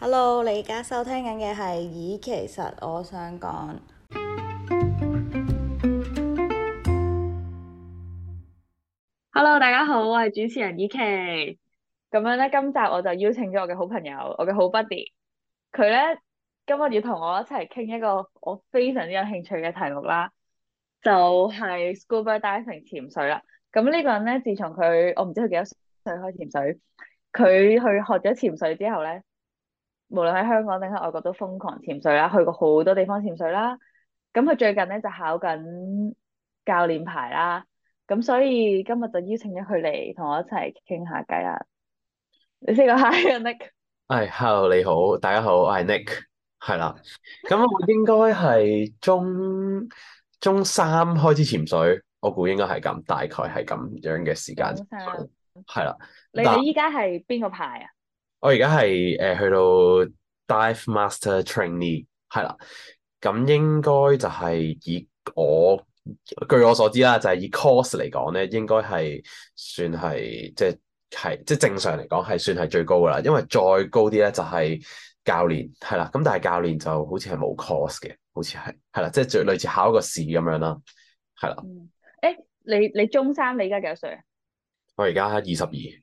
Hello，你而家收聽緊嘅係《以其實我想講》。Hello，大家好，我係主持人以其。咁樣咧，今集我就邀請咗我嘅好朋友，我嘅好 buddy。佢咧今日要同我一齊傾一個我非常之有興趣嘅題目啦，就係、是、scuba diving 潛水啦。咁呢個人咧，自從佢我唔知佢幾多歲開始潛水，佢去學咗潛水之後咧。無論喺香港定喺外國都瘋狂潛水啦，去過好多地方潛水啦。咁佢最近咧就考緊教練牌啦，咁所以今日就邀請咗佢嚟同我一齊傾下偈啦。你先個 hi，Nick。係 Hi、hey，hello，你好，大家好，我係 Nick，係啦。咁我應該係中 中三開始潛水，我估應該係咁，大概係咁樣嘅時間。係 啦。你哋依家係邊個牌啊？我而家係誒去到 dive master trainee 係啦，咁應該就係以，我據我所知啦，就係、是、以 course 嚟講咧，應該係算係即係即係正常嚟講係算係最高噶啦，因為再高啲咧就係教練係啦，咁但係教練就好似係冇 course 嘅，好似係係啦，即係類似考一個試咁樣啦，係啦。誒、嗯欸，你你中三，你而家幾多歲啊？我而家二十二。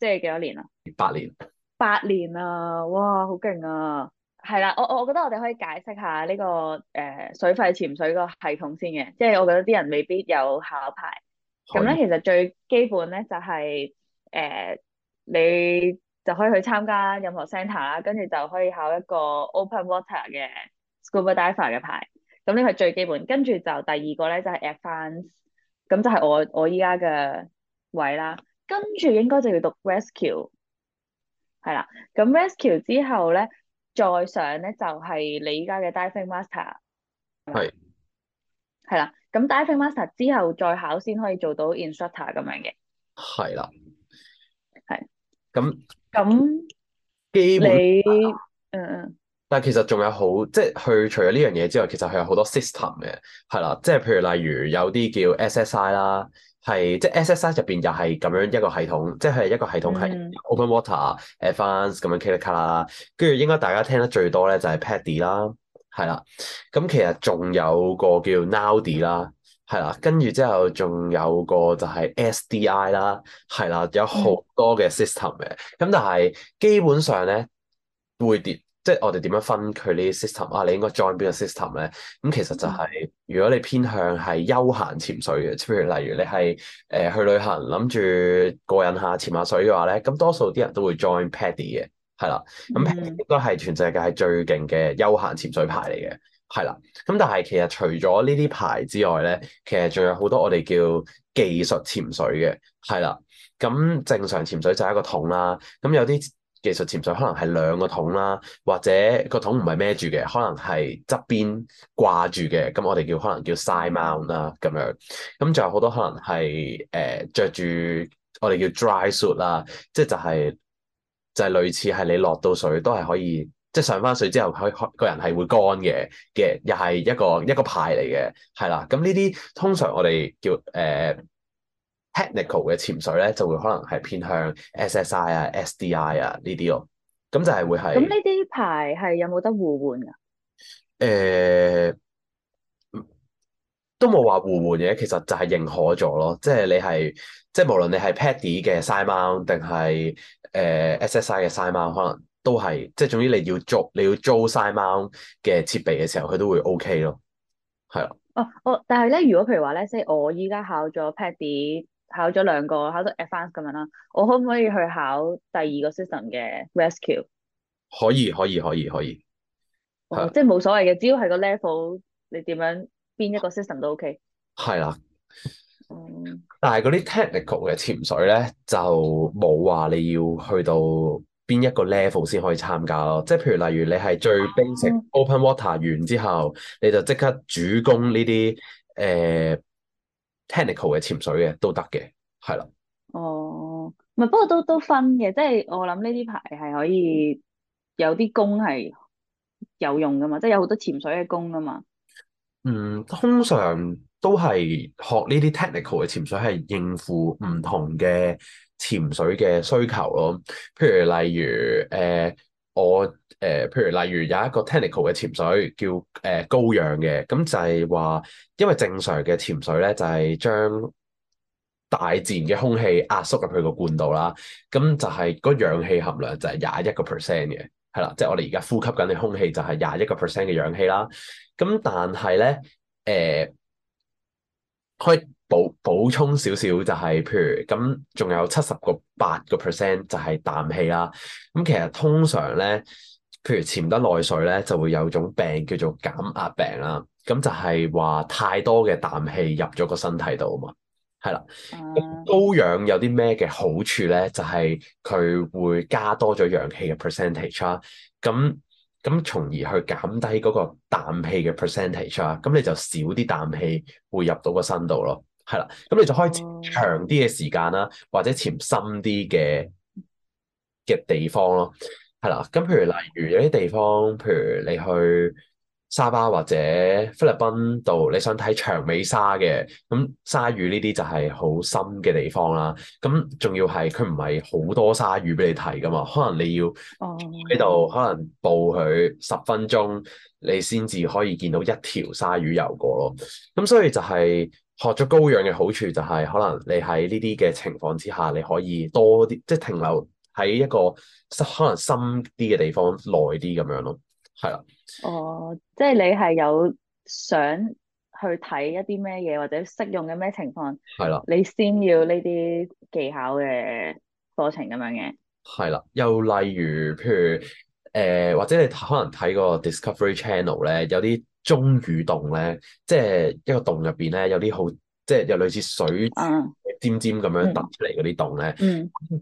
即係幾多年啊？八年，八年啊！哇，好勁啊！係啦，我我我覺得我哋可以解釋下呢個誒水肺潛水個系統先嘅。即係我覺得啲人未必有考牌。咁咧，其實最基本咧就係誒你就可以去參加任何 centre 啦，跟住就可以考一個 open water 嘅 scuba diver 嘅牌。咁呢個係最基本。跟住就第二個咧就係 advanced 咁就係我我依家嘅位啦。跟住應該就要讀 rescue，係啦。咁 rescue 之後咧，再上咧就係你依家嘅 diving master。係。係啦，咁 diving master 之後再考先可以做到 instructor 咁樣嘅。係啦。係。咁咁基本，嗯嗯。但係其實仲有好，即係去除咗呢樣嘢之外，其實係有好多 system 嘅，係啦。即係譬如例如有啲叫 SSI 啦。係即係 SSI 入邊又係咁樣一個系統，即係一個系統係 Open Water、Advanced 咁樣 c a 啦，跟住應該大家聽得最多咧就係 PADI 啦，係啦，咁其實仲有個叫 NAUI 啦，係啦，跟住之後仲有個就係 S D I 啦，係啦，有好多嘅 system 嘅，咁但係基本上咧會跌。即係我哋點樣分佢呢啲 system 啊？你應該 join 邊個 system 咧？咁其實就係、是、如果你偏向係休閒潛水嘅，譬如例如你係誒去旅行，諗住過癮下潛下水嘅話咧，咁多數啲人都會 join PADI 嘅，係啦。咁 PADI 應該係全世界最勁嘅休閒潛水牌嚟嘅，係啦。咁但係其實除咗呢啲牌之外咧，其實仲有好多我哋叫技術潛水嘅，係啦。咁正常潛水就係一個桶啦，咁有啲。技術潛水可能係兩個桶啦，或者個桶唔係孭住嘅，可能係側邊掛住嘅，咁我哋叫可能叫 side mount 啦咁樣。咁仲有好多可能係誒著住我哋叫 dry suit 啦，就是，即係就係就係類似係你落到水都係可以，即係上翻水之後可以個人係會乾嘅嘅，又係一個一個派嚟嘅，係啦。咁呢啲通常我哋叫誒。呃 Technical 嘅潛水咧，就會可能係偏向 SSI 啊、SDI 啊呢啲咯。咁就係會係咁呢啲牌係有冇得互換啊？誒、呃，都冇話互換嘅，其實就係認可咗咯。即係你係即係無論你係 Paddy 嘅 side mount 定係誒 SSI 嘅 side mount，可能都係即係總之你要做，你要租 side mount 嘅設備嘅時候，佢都會 OK 咯。係咯、哦。哦，我但係咧，如果譬如話咧，即係我依家考咗 Paddy。考咗兩個，考到 advanced 咁樣啦，我可唔可以去考第二個 system 嘅 rescue？可以可以可以可以，即係冇所謂嘅，只要係個 level，你點樣邊一個 system 都 OK。係啦、啊，嗯、但係嗰啲 technical 嘅潛水咧，就冇話你要去到邊一個 level 先可以參加咯。即係譬如例如你係最 basic、啊、open water 完之後，你就即刻主攻呢啲誒。呃 technical 嘅潛水嘅都得嘅，係啦。哦，唔係，不過都都分嘅，即係我諗呢啲牌係可以有啲功係有用噶嘛，即係有好多潛水嘅功噶嘛。嗯，通常都係學呢啲 technical 嘅潛水係應付唔同嘅潛水嘅需求咯，譬如例如誒。呃我誒、呃，譬如例如有一個 technical 嘅潛水叫誒、呃、高氧嘅，咁就係話，因為正常嘅潛水咧，就係、是、將大自然嘅空氣壓縮入去個罐度啦，咁就係、是、個氧氣含量就係廿一個 percent 嘅，係啦，即係我哋而家呼吸緊嘅空氣就係廿一個 percent 嘅氧氣啦，咁但係咧誒，去、呃。補補充少少就係譬如咁，仲有七十個八個 percent 就係氮氣啦。咁其實通常咧，譬如潛得耐水咧，就會有種病叫做減壓病啦。咁就係話太多嘅氮氣入咗個身體度啊嘛。係啦，嗯，高氧有啲咩嘅好處咧？就係佢會加多咗氧氣嘅 percentage 啦。咁咁從而去減低嗰個氮氣嘅 percentage 啦。咁你就少啲氮氣會入到個身度咯。係啦，咁你就開始長啲嘅時間啦，或者潛深啲嘅嘅地方咯。係啦，咁譬如例如有啲地方，譬如你去沙巴或者菲律賓度，你想睇長尾鯊嘅，咁鯊魚呢啲就係好深嘅地方啦。咁仲要係佢唔係好多鯊魚俾你睇噶嘛？可能你要呢度可能捕佢十分鐘，你先至可以見到一條鯊魚游過咯。咁所以就係。學咗高氧嘅好處就係，可能你喺呢啲嘅情況之下，你可以多啲，即係停留喺一個可能深啲嘅地方，耐啲咁樣咯，係啦。哦，即係你係有想去睇一啲咩嘢，或者適用嘅咩情況？係啦，你先要呢啲技巧嘅課程咁樣嘅。係啦，又例如，譬如誒，呃，或者你可能睇個 Discovery Channel 咧，有啲，中雨洞咧，即係一個洞入邊咧，有啲好，即係有類似水尖尖咁樣突出嚟嗰啲洞咧。誒、嗯嗯嗯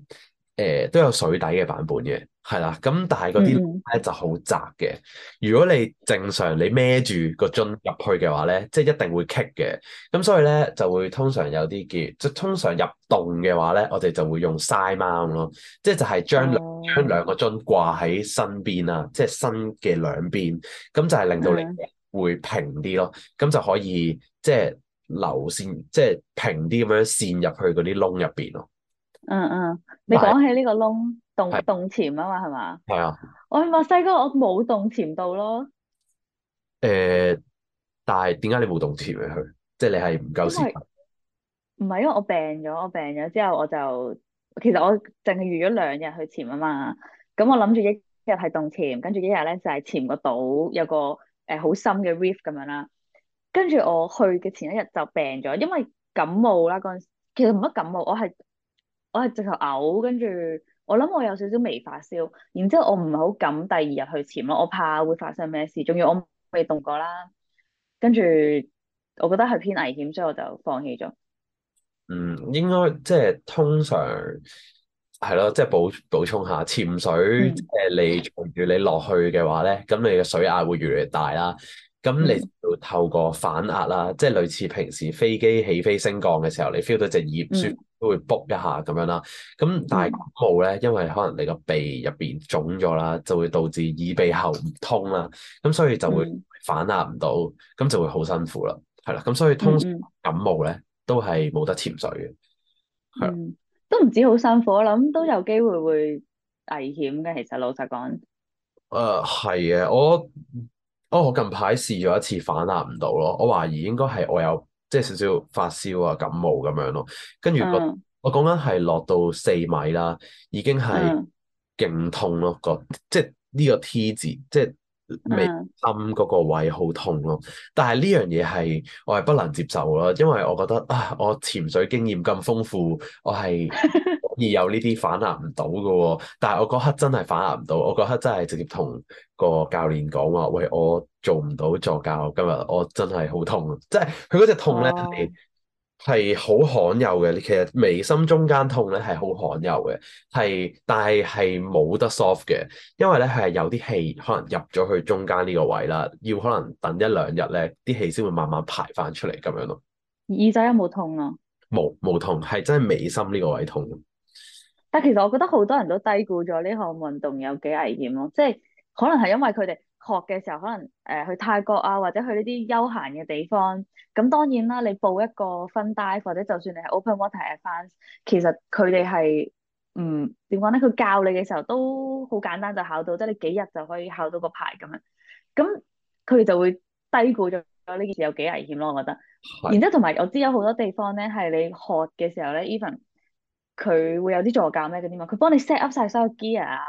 呃，都有水底嘅版本嘅，係啦。咁但係嗰啲咧就好窄嘅。如果你正常你孭住個樽入去嘅話咧，即係一定會棘嘅。咁所以咧就會通常有啲叫，即通常入洞嘅話咧，我哋就會用 side mount 咯，即係就係將將兩、嗯、兩個樽掛喺身邊啊，即係身嘅兩邊，咁就係令到你、嗯。會平啲咯，咁就可以即係流線，即係平啲咁樣，線入去嗰啲窿入邊咯。嗯嗯，你講起呢個窿，洞洞潛啊嘛係嘛？係啊。我去墨西哥我冇洞潛到咯。誒、呃，但係點解你冇洞潛去？即係你係唔夠時間？唔係，因為我病咗，我病咗之後我就，其實我淨係預咗兩日去潛啊嘛。咁我諗住一一日係洞潛，跟住一日咧就係潛個島，有個。誒，好深嘅 reef 咁樣啦，跟住我去嘅前一日就病咗，因為感冒啦嗰陣，其實唔乜感冒，我係我係直頭嘔，跟住我諗我有少少微發燒，然之後我唔係好敢第二日去潛咯，我怕會發生咩事，仲要我未凍過啦，跟住我覺得係偏危險，所以我就放棄咗。嗯，應該即係通常。係咯，即係補補充下，潛水，嗯、即係你隨住你落去嘅話咧，咁你嘅水壓會越嚟越大啦，咁你要透過反壓啦，即係類似平時飛機起飛升降嘅時候，你 feel 到隻耳栓都會卜一下咁樣啦。咁但係感冒咧，因為可能你個鼻入邊腫咗啦，就會導致耳鼻喉唔通啦，咁所以就會反壓唔到，咁就會好辛苦啦，係啦，咁所以通常感冒咧都係冇得潛水嘅，係都唔知好辛苦，我諗都有機會會危險嘅。其實老實講，誒係嘅，我、哦、我近排試咗一次反壓唔到咯，我懷疑應該係我有即係少少發燒啊感冒咁樣咯。跟住，那個嗯、我講緊係落到四米啦，已經係勁痛咯，嗯，那個即係呢個 T 字即係。未暗嗰個位好痛咯，但係呢樣嘢，係我係不能接受咯，因為我覺得啊，我潛水經驗咁豐富，我係可以有呢啲反應唔到噶，但係我嗰刻真係反應唔到，我嗰刻真係直接同個教練講話，喂，我做唔到助教，今日我真係好痛，即係佢嗰隻痛咧。Oh. 係好罕有嘅，你其實眉心中間痛咧係好罕有嘅，係但係係冇得 soft 嘅，因為咧係有啲氣可能入咗去中間呢個位啦，要可能等一兩日咧啲氣先會慢慢排翻出嚟咁樣咯。耳仔有冇痛啊？冇冇痛，係真係眉心呢個位痛。但其實我覺得好多人都低估咗呢項運動有幾危險咯，即係可能係因為佢哋。學嘅時候可能誒、呃、去泰國啊，或者去呢啲休閒嘅地方。咁當然啦，你報一個 fun dive 或者就算你係 open water advance，其實佢哋係唔點講咧？佢、嗯、教你嘅時候都好簡單，就考到，即、就、係、是、你幾日就可以考到個牌咁樣。咁佢哋就會低估咗呢件事有幾危險咯、啊，我覺得。然之後同埋我知有好多地方咧，係你學嘅時候咧，even 佢會有啲助教咩嗰啲嘛，佢幫你 set up 晒所有 gear 啊。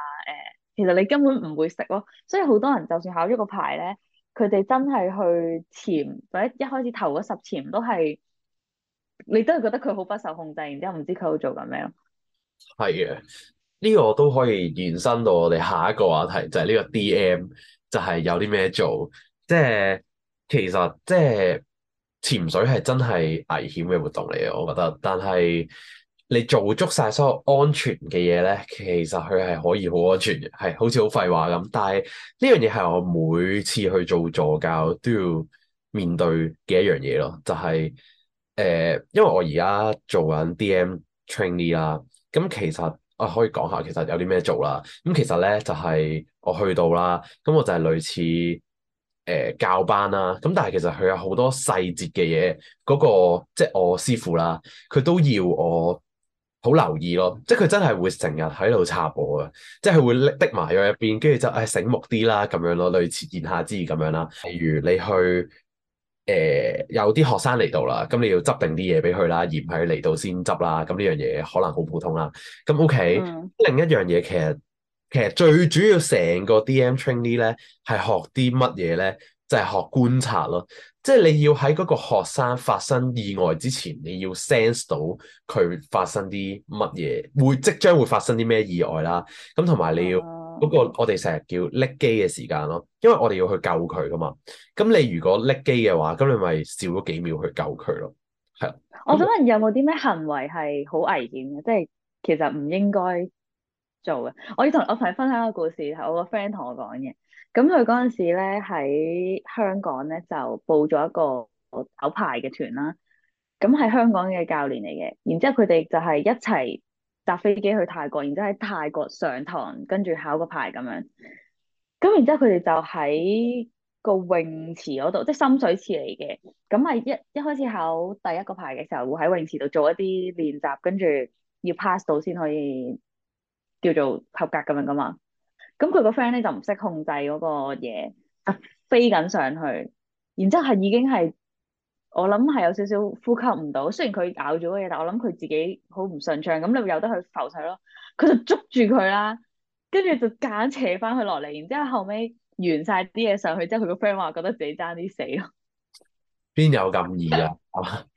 其實你根本唔會食咯，所以好多人就算考咗個牌咧，佢哋真係去潛或者一開始投嗰十潛都係，你都係覺得佢好不受控制，然之後唔知佢喺做緊咩咯。係嘅，呢、這個都可以延伸到我哋下一個話題，就係、是、呢個 DM 就係有啲咩做，即、就、係、是、其實即係、就是、潛水係真係危險嘅活動嚟嘅，我覺得，但係。你做足晒所有安全嘅嘢咧，其實佢係可以好安全嘅，係好似好廢話咁。但係呢樣嘢係我每次去做助教都要面對嘅一樣嘢咯，就係、是、誒、呃，因為我而家做緊 DM trainee 啦、啊，咁其實我、啊、可以講下其實有啲咩做啦。咁、啊、其實咧就係、是、我去到啦，咁、啊、我就係類似誒、啊、教班啦。咁、啊、但係其實佢有好多細節嘅嘢，嗰、那個即係我師傅啦，佢都要我好留意咯，即係佢真係會成日喺度插我嘅，即係會搦的埋咗入邊，跟住就誒、哎、醒目啲啦咁樣咯，類似言下之意咁樣啦。例如你去誒、呃、有啲學生嚟到啦，咁你要執定啲嘢俾佢啦，而唔係嚟到先執啦，咁呢樣嘢可能好普通啦。咁 OK，、嗯、另一樣嘢其實其實最主要成個 DM trainee 咧係學啲乜嘢咧？就係學觀察咯，即係你要喺嗰個學生發生意外之前，你要 sense 到佢發生啲乜嘢，會即將會發生啲咩意外啦。咁同埋你要嗰個，我哋成日叫甩機嘅時間咯，因為我哋要去救佢噶嘛。咁你如果甩機嘅話，咁你咪少咗幾秒去救佢咯。係啊，我想問有冇啲咩行為係好危險嘅？即係其實唔應該做嘅。我要同我朋友分享一個故事，係我個 friend 同我講嘅。咁佢嗰陣時咧，喺香港咧，就報咗一個考牌嘅團啦，咁係香港嘅教練嚟嘅。然之後佢哋就係一齊搭飛機去泰國，然之後喺泰國上堂，跟住考個牌咁樣。咁然之後佢哋就喺個泳池嗰度，即係深水池嚟嘅，咁咪一一開始考第一個牌嘅時候，會喺泳池度做一啲練習，跟住要 pass 到先可以叫做合格咁樣㗎嘛。咁佢個 friend 咧就唔識控制嗰個嘢，就是、飛緊上去，然之後係已經係我諗係有少少呼吸唔到。雖然佢咬咗嘅嘢，但我諗佢自己好唔順暢。咁你會有得去浮水咯，佢就捉住佢啦，跟住就硬扯翻佢落嚟。然之後,後後尾完晒啲嘢上去之後，佢個 friend 話覺得自己爭啲死咯。邊有咁易啊？係咪？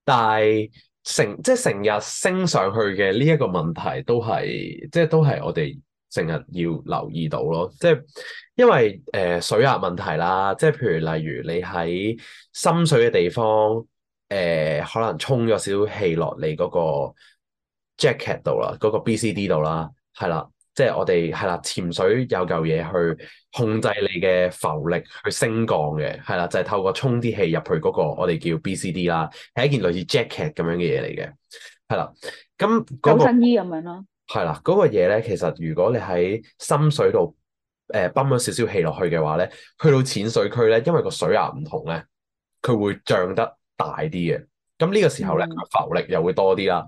但係成即係成日升上去嘅呢一個問題都係即係都係我哋。成日要留意到咯，即係因為誒、呃、水壓問題啦，即係譬如例如你喺深水嘅地方，誒、呃、可能充咗少少氣落你嗰個 jacket 度啦，嗰、那個 BCD 度啦，係啦，即係我哋係啦潛水有嚿嘢去控制你嘅浮力去升降嘅，係啦就係、是、透過充啲氣入去嗰個我哋叫 BCD 啦，係一件類似 jacket 咁樣嘅嘢嚟嘅，係啦，咁、嗯、嗰、那個救生衣咁樣咯。係啦，嗰個嘢咧，其實如果你喺深水度誒泵咗少少氣落去嘅話咧，去到淺水區咧，因為個水壓唔同咧，佢會漲得大啲嘅。咁呢個時候咧，浮力又會多啲啦。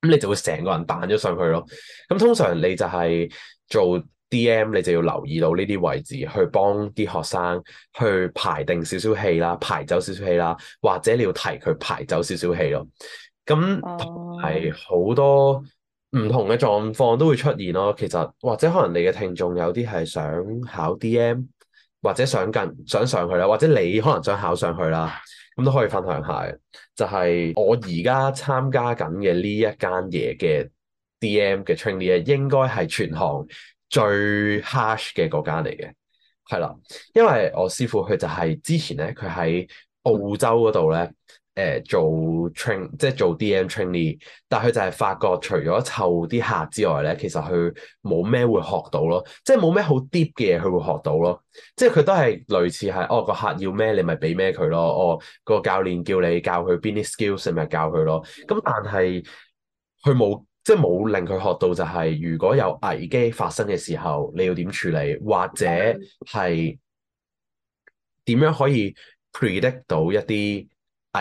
咁你就會成個人彈咗上去咯。咁通常你就係做 DM，你就要留意到呢啲位置，去幫啲學生去排定少少氣啦，排走少少氣啦，或者你要提佢排走少少氣咯。咁係好多，唔同嘅狀況都會出現咯，其實或者可能你嘅聽眾有啲係想考 DM，或者想近想上佢啦，或者你可能想考上去啦，咁都可以分享下。就係、是、我而家參加緊嘅呢一間嘢嘅 DM 嘅 training，、er, 應該係全行最 harsh 嘅嗰間嚟嘅。係啦，因為我師傅佢就係之前咧，佢喺澳洲嗰度咧。誒做 train 即係做 DM training，但係佢就係發覺除咗湊啲客之外咧，其實佢冇咩會學到咯，即係冇咩好 deep 嘅嘢佢會學到咯，即係佢都係類似係哦個客要咩你咪俾咩佢咯，哦個教練叫你教佢邊啲 skills 你咪教佢咯，咁但係佢冇即係冇令佢學到就係如果有危機發生嘅時候你要點處理，或者係點樣可以 predict 到一啲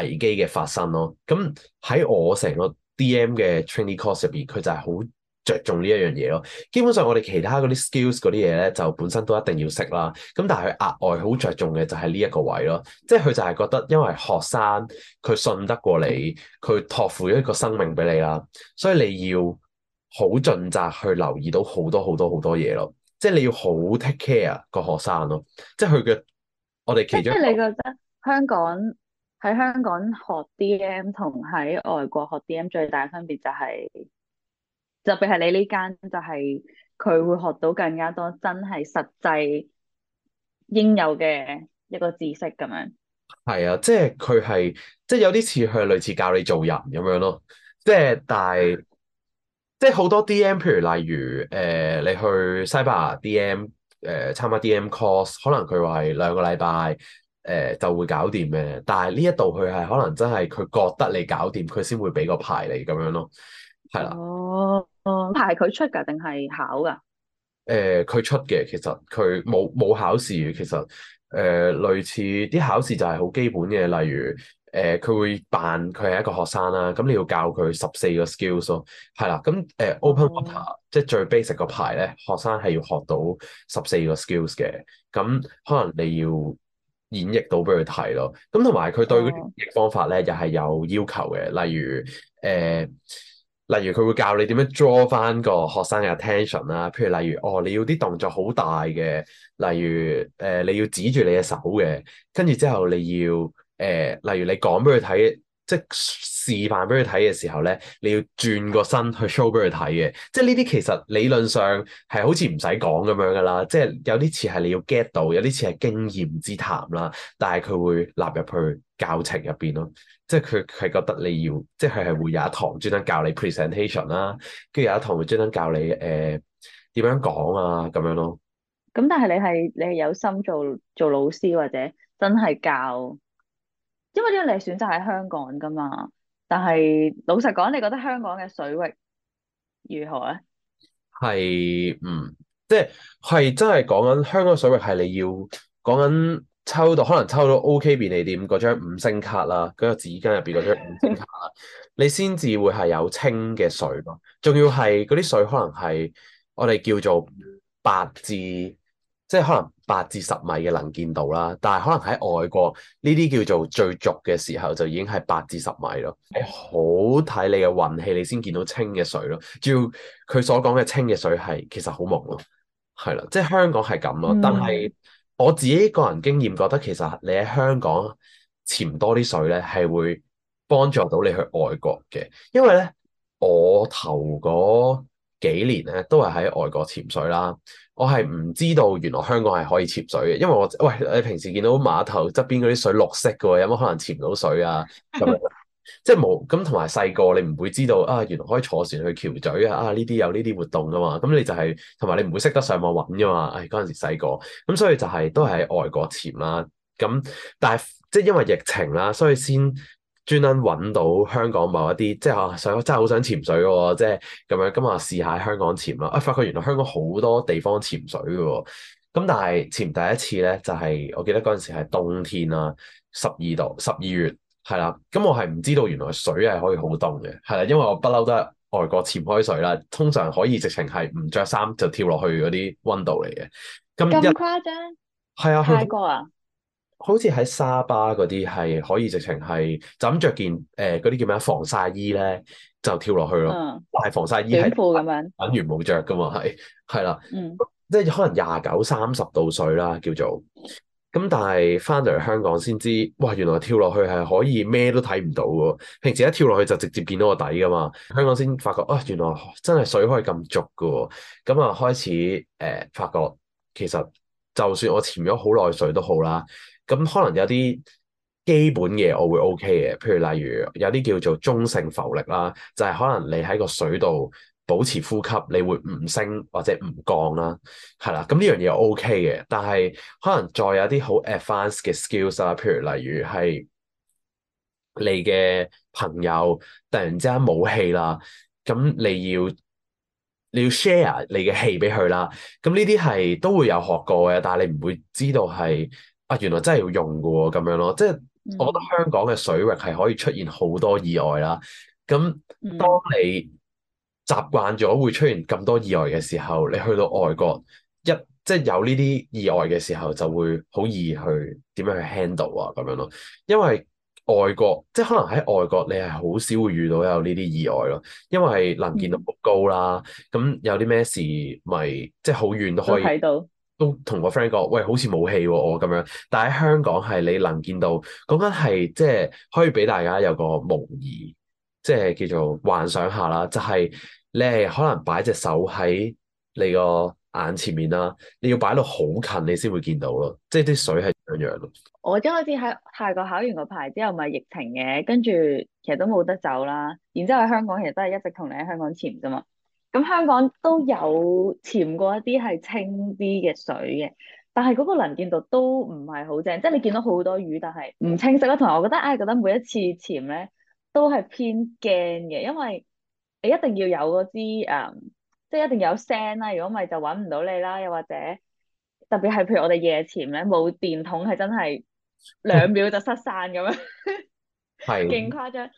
危機嘅發生咯，咁喺我成個 DM 嘅 training course 入邊，佢就係好着重呢一樣嘢咯。基本上我哋其他嗰啲 skills 嗰啲嘢咧，就本身都一定要識啦。咁但係佢額外好着重嘅就係呢一個位咯，即係佢就係覺得，因為學生佢信得過你，佢托付咗一個生命俾你啦，所以你要好盡責去留意到好多好多好多嘢咯。即係你要好 take care 個學生咯。即係佢嘅我哋其中，即係你覺得香港。喺香港學 DM 同喺外國學 DM 最大分別就係、是，特別係你呢間就係、是、佢會學到更加多真係實際應有嘅一個知識咁樣。係啊，即係佢係即係有啲似佢類似教你做人咁樣咯，即係但係即係好多 DM，譬如例如誒、呃、你去西班牙 DM 誒、呃、參加 DM course，可能佢話係兩個禮拜。誒、呃、就會搞掂嘅，但係呢一度佢係可能真係佢覺得你搞掂，佢先會俾個牌你咁樣咯，係啦。哦，牌係佢出㗎定係考㗎？誒、呃，佢出嘅，其實佢冇冇考試，其實誒、呃、類似啲考試就係好基本嘅，例如誒佢、呃、會扮佢係一個學生啦，咁你要教佢十四個 skills 咯，係、啊、啦，咁誒 open water 即係最 basic 個牌咧，學生係要學到十四個 skills 嘅，咁可能你要。演繹到俾佢睇咯，咁同埋佢對嗰啲演繹方法咧，又係有要求嘅。例如，誒、呃，例如佢會教你點樣 draw 翻個學生嘅 attention 啦。譬如，例如，哦，你要啲動作好大嘅，例如，誒、呃，你要指住你嘅手嘅，跟住之後你要，誒、呃，例如你講俾佢睇。即係示範俾佢睇嘅時候咧，你要轉個身去 show 俾佢睇嘅。即係呢啲其實理論上係好似唔使講咁樣噶啦。即係有啲詞係你要 get 到，有啲似係經驗之談啦。但係佢會納入去教程入邊咯。即係佢係覺得你要，即係佢係會有一堂專登教你 presentation 啦，跟住有一堂會專登教你誒點、呃、樣講啊咁樣咯。咁但係你係你係有心做做老師或者真係教？因為呢個你選擇喺香港㗎嘛，但係老實講，你覺得香港嘅水域如何咧？係唔、嗯、即係真係講緊香港水域係你要講緊抽到可能抽到 OK 便利店嗰張五星卡啦，嗰、嗰個紙巾入邊嗰張五星卡啦， 你先至會係有清嘅水咯，仲要係嗰啲水可能係我哋叫做八字，即係可能。八至十米嘅能見度啦，但係可能喺外國呢啲叫做最濁嘅時候就已經係八至十米咯。係好睇你嘅運氣，你先見到清嘅水咯。主要佢所講嘅清嘅水係其實好濛咯，係啦，即係香港係咁咯。但係我自己個人經驗覺得，其實你喺香港潛多啲水咧，係會幫助到你去外國嘅，因為咧我頭嗰幾年咧都係喺外國潛水啦。我係唔知道原來香港係可以潛水嘅，因為我喂你平時見到碼頭側邊嗰啲水綠色嘅，有冇可能潛唔到水啊？咁 即係冇咁同埋細個你唔會知道啊，原來可以坐船去橋咀啊，呢啲有呢啲活動噶嘛？咁你就係同埋你唔會識得上網搵噶嘛？唉、哎，嗰陣時細個，咁所以就係、是、都係喺外國潛啦。咁但係即係因為疫情啦，所以先。專登揾到香港某一啲，即係、啊、想真係好想潛水喎，即係咁樣咁啊試下香港潛啦！啊、哎、發覺原來香港好多地方潛水嘅喎，咁但係潛第一次咧就係、是、我記得嗰陣時係冬天啦，十二度十二月係啦，咁我係唔知道原來水係可以好凍嘅，係啦，因為我不嬲都係外國潛開水啦，通常可以直情係唔着衫就跳落去嗰啲溫度嚟嘅。咁咁誇張？係啊的，泰國啊。好似喺沙巴嗰啲，係可以直情係就咁著件誒嗰啲叫咩防曬衣咧就跳落去咯，帶、嗯嗯、防曬衣係褲咁樣，等於冇着噶嘛，係係啦，即係可能廿九三十度水啦，叫做咁。但係翻嚟香港先知，哇，原來跳落去係可以咩都睇唔到喎。平時一跳落去就直接見到個底噶嘛。香港先發覺啊，原來真係水可以咁足噶。咁啊，開始誒、呃、發覺其實就算我潛咗好耐水都好啦。咁可能有啲基本嘢我會 OK 嘅，譬如例如有啲叫做中性浮力啦，就係可能你喺個水度保持呼吸，你會唔升或者唔降啦，係啦。咁呢樣嘢 OK 嘅，但係可能再有啲好 advanced 嘅 skills 啦，譬如例如係你嘅朋友突然之間冇氣啦，咁你要你要 share 你嘅氣俾佢啦。咁呢啲係都會有學過嘅，但係你唔會知道係。啊，原來真係要用㗎喎、哦，咁樣咯，即係我覺得香港嘅水域係可以出現好多意外啦。咁當你習慣咗會出現咁多意外嘅時候，你去到外國一即係有呢啲意外嘅時候，就會好易去點樣去 handle，啊咁樣咯。因為外國即係可能喺外國你係好少會遇到有呢啲意外咯，因為能見度高啦。咁、嗯、有啲咩事咪、就是、即係好遠都可以都睇到都同個 friend 講，喂，好似冇氣喎，我咁樣。但喺香港係你能見到，講緊係即係可以俾大家有個模擬，即係叫做幻想下啦。就係你係可能擺隻手喺你個眼前面啦，你要擺到好近你先會見到咯。即係啲水係咁樣咯。我一開始喺泰國考完個牌之後，咪疫情嘅，跟住其實都冇得走啦。然之後喺香港其實都係一直同你喺香港潛㗎嘛。咁香港都有潛過一啲係清啲嘅水嘅，但係嗰個能見度都唔係好正，即係你見到好多魚，但係唔清晰咯。同埋我覺得，唉，覺得每一次潛咧都係偏驚嘅，因為你一定要有嗰支、嗯、即係一定有聲啦，如果唔係就揾唔到你啦。又或者特別係譬如我哋夜潛咧，冇電筒係真係兩秒就失散咁樣，係勁 是誇張。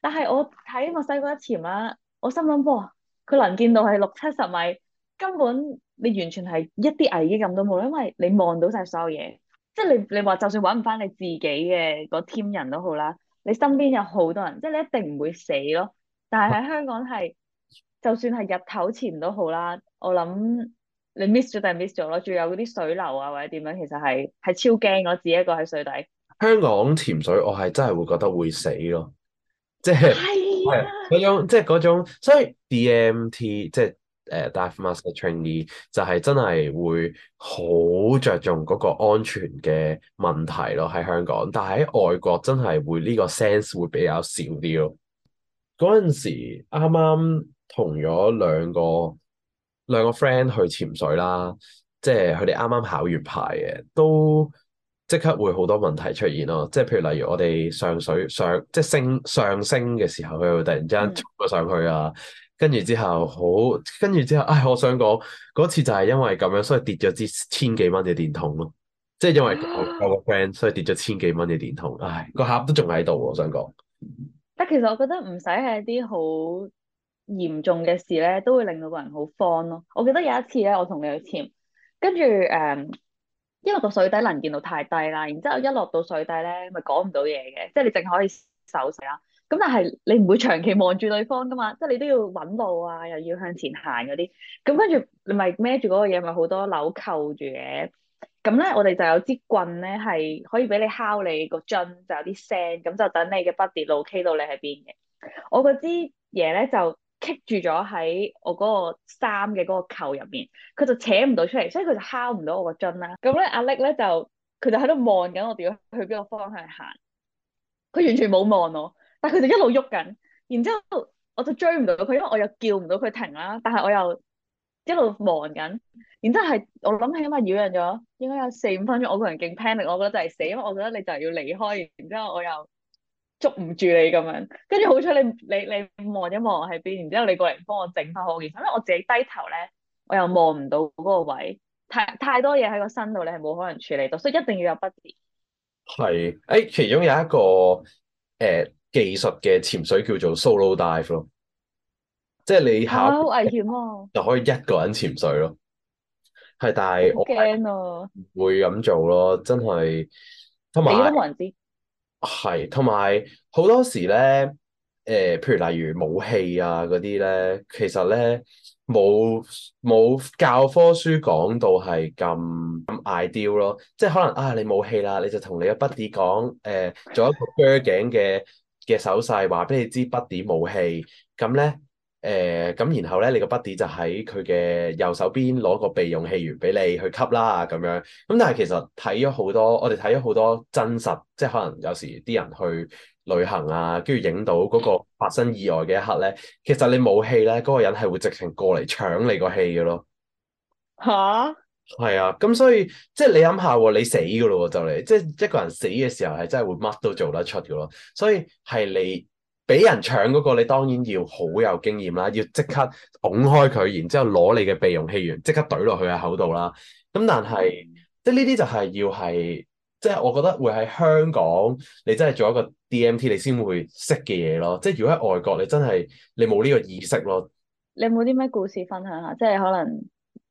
但係我喺墨西哥一潛啦，我心諗喎。哦佢能見到係六七十米，根本你完全係一啲危機感都冇，因為你望到晒所有嘢，即係你你話就算揾唔翻你自己嘅個 team 人都好啦，你身邊有好多人，即係你一定唔會死咯。但係喺香港係， 就算係日頭潛都好啦，我諗你 miss 咗定 miss 咗咯，仲有嗰啲水流啊或者點樣，其實係係超驚我自己一個喺水底。香港潛水我係真係會覺得會死咯，即係。 係嗰種 Yeah, Yeah. 即係嗰種，所以 D.M.T. 即係誒 divemaster trainee 就係真係會好着重嗰個安全嘅問題咯，喺香港，但係喺外國真係會呢個 sense 會比較少啲咯。嗰陣時啱啱同咗兩個兩個 friend 去潛水啦，即係佢哋啱啱考完牌嘅，都。即刻會好多問題出現咯，即係譬如例如我哋上水上即係升上升嘅時候，佢會突然之間衝咗上去啊，跟住之後好，跟住之後，唉，我想講嗰次就係因為咁樣，所以跌咗支千幾蚊嘅電筒咯，即係因為我個 friend，所以跌咗千幾蚊嘅電筒，唉，個盒都仲喺度，我想講，但其實我覺得唔使係啲好嚴重嘅事咧，都會令到個人好慌咯。我記得有一次咧，我同你去潛，跟住誒。Um, 因為個水底能見度太低啦，然之後一落到水底咧，咪講唔到嘢嘅，即係你淨可以手勢啦。咁但係你唔會長期望住對方噶嘛，即係你都要揾路啊，又要向前行嗰啲。咁跟住你咪孭住嗰個嘢，咪好多紐扣住嘅。咁咧，我哋就有支棍咧，係可以俾你敲你個樽就有啲聲，咁就等你嘅 buddy 路 key 到你喺邊嘅。我嗰支嘢咧就～棘住咗喺我嗰個衫嘅嗰個扣入面，佢就扯唔到出嚟，所以佢就敲唔到我個樽啦。咁咧阿力 e 咧就佢就喺度望緊我哋去邊個方向行，佢完全冇望我，但係佢就一路喐緊。然之後我就追唔到佢，因為我又叫唔到佢停啦。但係我又一路望緊，然之後係我諗起咪擾攘咗，應該有四五分鐘。我個人勁 panic，我覺得就係死，因為我覺得你就係要離開。然之後我又。捉唔住你咁樣，跟住好彩你你你望一望喺邊，然之後你過嚟幫我整翻好，因為我自己低頭咧，我又望唔到嗰個位，太太多嘢喺個身度，你係冇可能處理到，所以一定要有 buddy。係，誒，其中有一個誒、呃、技術嘅潛水叫做 Solo Dive 咯，即係你吓好、oh, 危險啊，就可以一個人潛水咯，係，但係我驚咯、啊，唔會咁做咯，真係同埋你都冇人知。係，同埋好多時咧，誒、呃，譬如例如冇氣啊嗰啲咧，其實咧冇冇教科書講到係咁 ideal 咯，即係可能啊，你冇氣啦，你就同你嘅 buddy 講，誒，做一個鋸頸嘅嘅手勢，話俾你知 buddy 冇氣，咁咧。誒咁、呃，然後咧，你個 buddy 就喺佢嘅右手邊攞個備用氣源俾你去吸啦，咁樣。咁但係其實睇咗好多，我哋睇咗好多真實，即係可能有時啲人去旅行啊，跟住影到嗰個發生意外嘅一刻咧，其實你冇氣咧，嗰、那個人係會直情過嚟搶你個氣嘅咯。吓蛤？係啊，咁所以即係你諗下、哦，你死嘅咯喎，就嚟，即係一個人死嘅時候係真係會乜都做得出嘅咯，所以係你。俾人搶嗰個，你當然要好有經驗啦，要即刻拱開佢，然之後攞你嘅備用器源，即刻懟落去喺口度啦。咁但係，即係呢啲就係要係，即係我覺得會喺香港，你真係做一個 D.M.T. 你先會識嘅嘢咯。即係如果喺外國，你真係你冇呢個意識咯。你有冇啲咩故事分享下？即係可能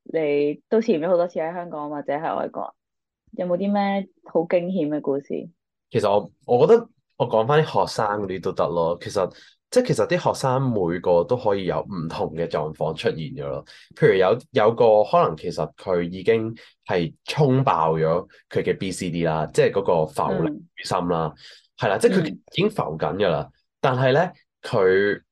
你都潛咗好多次喺香港或者喺外國，有冇啲咩好驚險嘅故事？其實我我覺得。我講翻啲學生呢啲都得咯，其實即係其實啲學生每個都可以有唔同嘅狀況出現咗咯。譬如有有個可能其實佢已經係衝爆咗佢嘅 BCD 啦，即係嗰個浮力心啦，係啦、嗯，即係佢已經浮緊噶啦。但係咧佢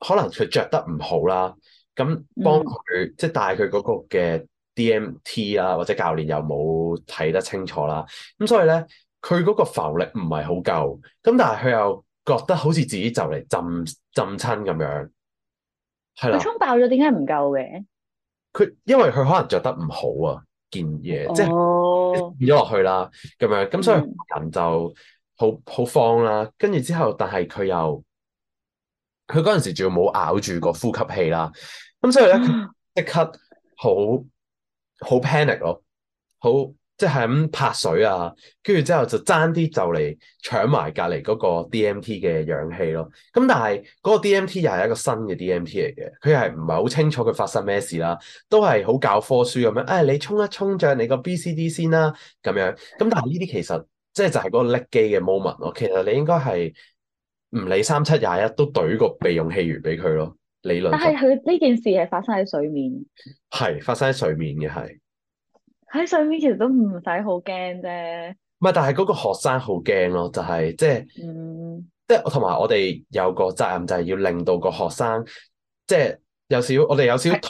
可能佢着得唔好啦，咁幫佢、嗯、即係帶佢嗰個嘅 DMT 啊，或者教練又冇睇得清楚啦，咁所以咧。佢嗰個浮力唔係好夠，咁但係佢又覺得好似自己就嚟浸浸親咁樣，係啦。充爆咗點解唔夠嘅？佢因為佢可能着得唔好啊，件嘢、哦、即係跌咗落去啦，咁樣咁所以人就好好、嗯、慌啦。跟住之後，但係佢又佢嗰陣時仲要冇咬住個呼吸器啦，咁所以咧即刻好好、嗯、panic 咯，好。即係咁拍水啊，跟住之後就爭啲就嚟搶埋隔離嗰個 DMT 嘅氧氣咯。咁但係嗰個 DMT 又係一個新嘅 DMT 嚟嘅，佢係唔係好清楚佢發生咩事啦？都係好教科書咁樣。誒、哎，你衝一衝脹你個 BCD 先啦，啊，咁樣。咁但係呢啲其實即係就係嗰個叻機嘅 moment 咯。其實你應該係唔理三七廿一都懟個備用氣源俾佢咯。理論。但係佢呢件事係發生喺水面。係發生喺水面嘅係。喺上面其實都唔使好驚啫，唔係，但係嗰個學生好驚咯，就係即係，即係同埋我哋有個責任，就係要令到個學生即係有少我哋有少推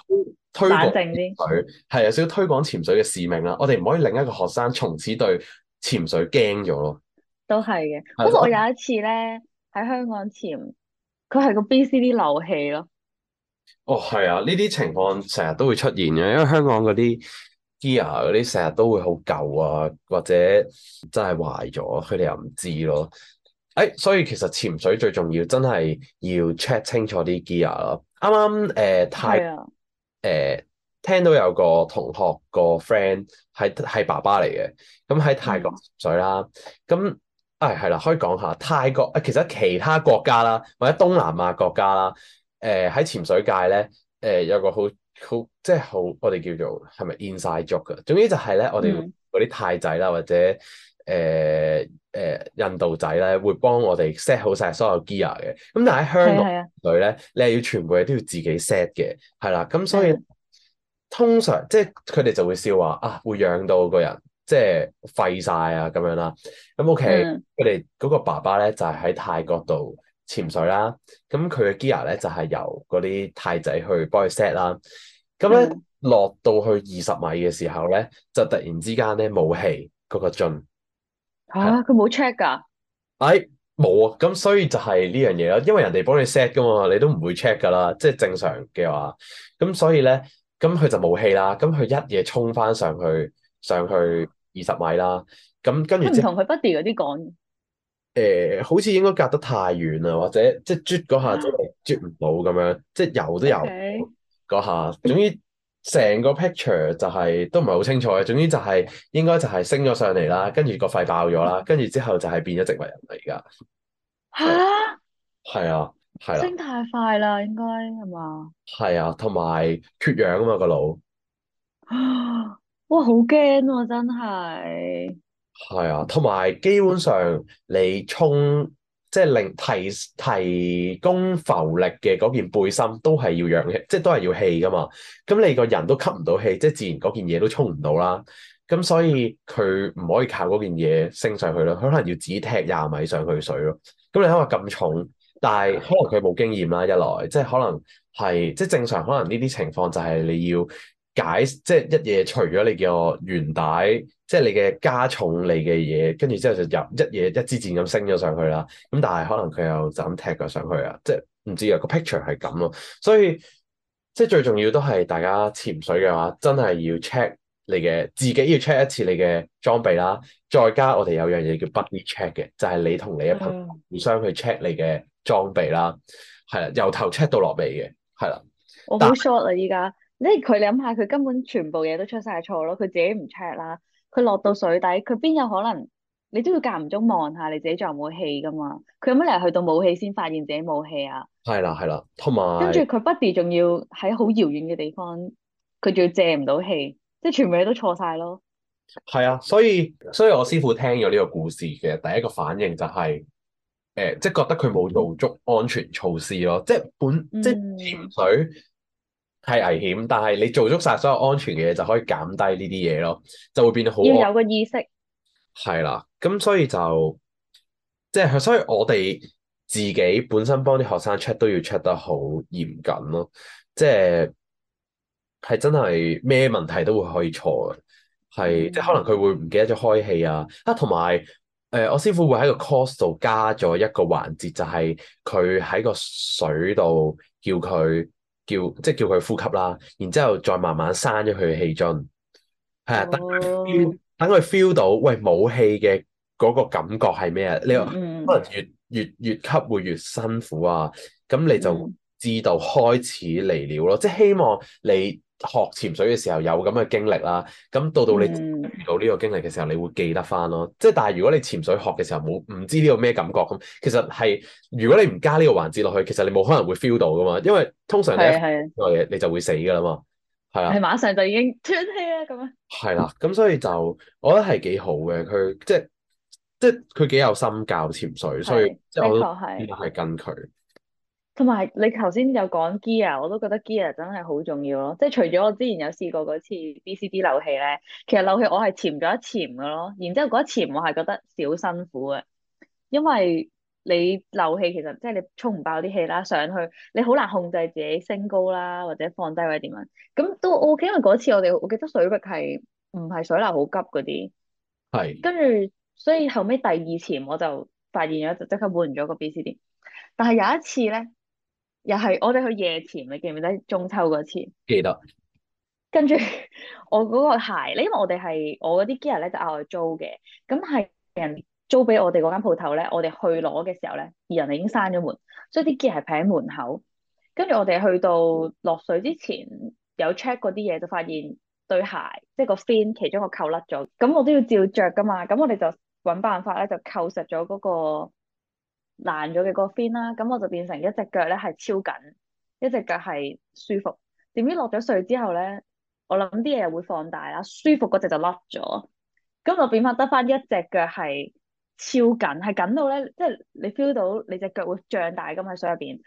推廣佢係有少推廣潛水嘅使命啦。我哋唔可以令一個學生從此對潛水驚咗咯。都係嘅，不過我有一次咧喺香港潛，佢係個 BCD 漏氣咯。哦，係啊，呢啲情況成日都會出現嘅，因為香港嗰啲。gear 嗰啲成日都會好舊啊，或者真係壞咗，佢哋又唔知咯。誒、哎，所以其實潛水最重要，真係要 check 清楚啲 gear 咯。啱啱誒泰誒的、呃、聽到有個同學個 friend 係係爸爸嚟嘅，咁喺泰國潛水啦。咁啊係啦，可以講下泰國啊，其實其他國家啦，或者東南亞國家啦，誒、呃、喺潛水界咧，誒、呃、有個好。好即係好，我哋叫做係咪 inside job 噶？總之就係咧，我哋嗰啲泰仔啦，或者誒誒、呃呃、印度仔咧，會幫我哋 set 好晒所有 gear 嘅。咁但係喺香港女咧，的你係要全部嘢都要自己 set 嘅，係啦。咁所以的通常即係佢哋就會笑話啊，會養到個人即係廢晒啊咁樣啦。咁 OK，佢哋嗰個爸爸咧就係、是、喺泰國度。潛水啦，咁佢嘅 gear 咧就係、是、由嗰啲太仔去幫佢 set 啦。咁咧、嗯、落到去二十米嘅時候咧，就突然之間咧冇氣，嗰、那個樽。吓、啊，佢冇 check 噶？哎，冇啊！咁所以就係呢樣嘢咯，因為人哋幫你 set 噶嘛，你都唔會 check 噶啦，即係正常嘅話。咁所以咧，咁佢就冇氣啦。咁佢一嘢衝翻上去，上去二十米啦。咁跟住，佢唔同佢 buddy 嗰啲講。誒、欸，好似應該隔得太遠啦，或者即係啜嗰下就係啜唔到咁樣，即係游都游嗰下 Okay.，總之成個 picture 就係、是、都唔係好清楚嘅。總之就係、是、應該就係升咗上嚟啦，跟住個肺爆咗啦，跟住之後就係變咗植物人嚟噶。吓、 嗯？係啊，係啦、啊。升太快啦，應該係、啊、嘛？係 啊，同埋缺氧啊嘛，個腦。哇，好驚喎，真係。係啊，同埋基本上你充即係令提提供浮力嘅嗰件背心都係要氧氣，即係都係要氣噶嘛。咁你個人都吸唔到氣，即係自然嗰件嘢都充唔到啦。咁所以佢唔可以靠嗰件嘢升上去咯，佢可能要只踢廿米上去水咯。咁你睇下咁重，但係可能佢冇經驗啦，一來即係可能係即係正常，可能呢啲情況就係你要。解即係、就是、一嘢除咗你個懸帶，即、就、係、是、你嘅加重你嘅嘢，跟住之後就入一嘢一支箭咁升咗上去啦。咁但係可能佢又就咁踢咗上去啊，即係唔知啊個 picture 係咁咯。所以即係最重要都係大家潛水嘅話，真係要 check 你嘅自己要 check 一次你嘅裝備啦。再加我哋有樣嘢叫 buddy check 嘅，就係、是、你同你嘅朋友互相去 check 你嘅裝備啦。係啦、嗯，由頭 check 到落尾嘅，係啦。我好 short 啊，依家。你佢諗下，佢根本全部嘢都出晒錯咯，佢自己唔 check 啦，佢落到水底，佢邊有可能？你都要間唔中望下你自己仲有冇氣噶嘛？佢有乜理由去到冇氣先發現自己冇氣啊？係啦係啦，同埋跟住佢不時仲要喺好遙遠嘅地方，佢仲要借唔到氣，即係全部嘢都錯晒咯。係啊，所以所以我師傅聽咗呢個故事嘅第一個反應就係，誒，即係覺得佢冇做足安全措施咯，即係本即係潛水。嗯係危險，但係你做足晒所有安全嘅嘢，就可以減低呢啲嘢咯，就會變得好。要有個意識係啦，咁所以就即係、就是，所以我哋自己本身幫啲學生 check 都要 check 得好嚴謹咯，即係係真係咩問題都會可以錯嘅，係、嗯、即係可能佢會唔記得咗開氣啊，啊同埋誒我師傅會喺個 course 度加咗一個環節，就係佢喺個水度叫佢。叫即係叫佢呼吸啦，然之後再慢慢刪咗佢嘅氣樽，係啊，等佢 feel，oh. 等佢 feel 到，喂冇氣嘅嗰個感覺係咩啊？你話可能越越越吸會越越辛苦啊，咁你就知道開始嚟了咯，oh. 即係希望你學潛水嘅時候有咁嘅經歷啦，咁到到你遇到呢個經歷嘅時候，嗯、你會記得翻咯。即係，但係如果你潛水學嘅時候冇唔知呢個咩感覺咁，其實係如果你唔加呢個環節落去，其實你冇可能會 feel 到噶嘛。因為通常你係你就會死噶啦嘛。係啊，係馬上就已經斷氣啦咁樣。係啦、啊，咁所以就我覺得係幾好嘅，佢即係即係佢幾有心教潛水，所以就依家係跟佢。同埋你頭先有講 gear，我都覺得 gear 真係好重要咯。即係除咗我之前有試過嗰次 B C D 漏氣咧，其實漏氣我係潛咗一潛嘅咯。然之後嗰一潛我係覺得少辛苦嘅，因為你漏氣其實即係你充唔爆啲氣啦，上去你好難控制自己升高啦，或者放低或者點樣。咁都 O、OK, K，因為嗰次我哋我記得水壓係唔係水流好急嗰啲，係是跟住所以後尾第二潛我就發現咗就即刻換咗個 B C D。但係有一次咧。又係我哋去夜潛，你記唔記得中秋嗰次？記得。記得。跟住我嗰個鞋咧，因為我哋係我嗰啲 gear 咧就嗌我哋租嘅，咁係人租俾我哋嗰間鋪頭咧，我哋去攞嘅時候咧，人哋已經閂咗門，所以啲 gear 係喺門口。跟住我哋去到落水之前有 check 嗰啲嘢，就發現對鞋即係、就是、個 fin 其中一個扣甩咗，咁我都要照着㗎嘛，咁我哋就搵辦法咧就扣實咗嗰個。爛咗嘅嗰個 fin 啦，咁我就變成一隻腳咧係超緊，一隻腳係舒服。點知落咗水之後咧，我諗啲嘢，又會放大啦，舒服嗰隻就甩咗，咁我變翻得翻一隻腳係超緊，係緊到咧，即係你 feel 到你隻腳會脹大咁喺水入邊，